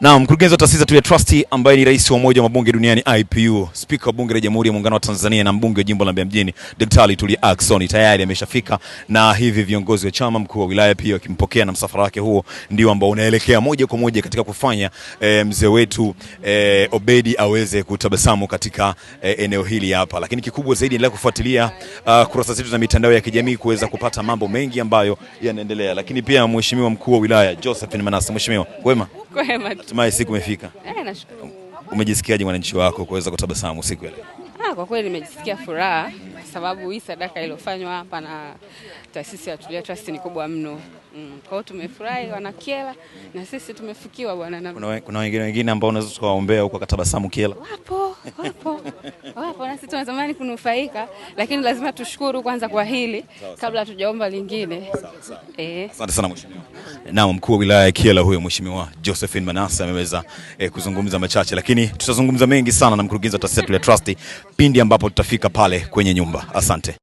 Na mkurugenzi wa taasisi ya Trust ambaye ni rais wa umoja wa mabunge duniani IPU, spika wa bunge la Jamhuri ya Muungano wa Tanzania na mbunge wa jimbo la Mbeya mjini Daktari Tulia Ackson tayari ameshafika, na hivi viongozi wa chama, mkuu wa wilaya pia wakimpokea, na msafara wake huo ndio ambao unaelekea moja kwa moja katika kufanya e, mzee wetu e, Obedi aweze kutabasamu katika e, eneo hili hapa, lakini kikubwa zaidi ni kufuatilia uh, kurasa zetu za mitandao ya kijamii kuweza kupata mambo mengi ambayo yanaendelea, lakini pia mheshimiwa mkuu wa wilaya Josephine Manase, mheshimiwa wema? Kwema. Hatimaye siku imefika. Eh, nashukuru. Umejisikiaje mwananchi wako kuweza kutabasamu siku ile? Ah, kwa kweli nimejisikia furaha kwa sababu hii sadaka iliyofanywa hapa na taasisi ya Tulia Trust ni kubwa mno. Mm, kwa hiyo tumefurahi wana na sisi tumefikiwa bwana. Kuna wengine wengine ambao unaweza tukawaombea huko akatabasamu kiela. Wapo wapo wapo, na sisi tunatamani kunufaika, lakini lazima tushukuru kwanza kwa hili kabla hatujaomba lingine. Eh, asante sana mheshimiwa. Naam, mkuu wa wilaya ya Kyela huyo mheshimiwa Josephine Manase ameweza eh, kuzungumza machache, lakini tutazungumza mengi sana na mkurugenzi wa taasisi ya Trust pindi ambapo tutafika pale kwenye nyumba. Asante.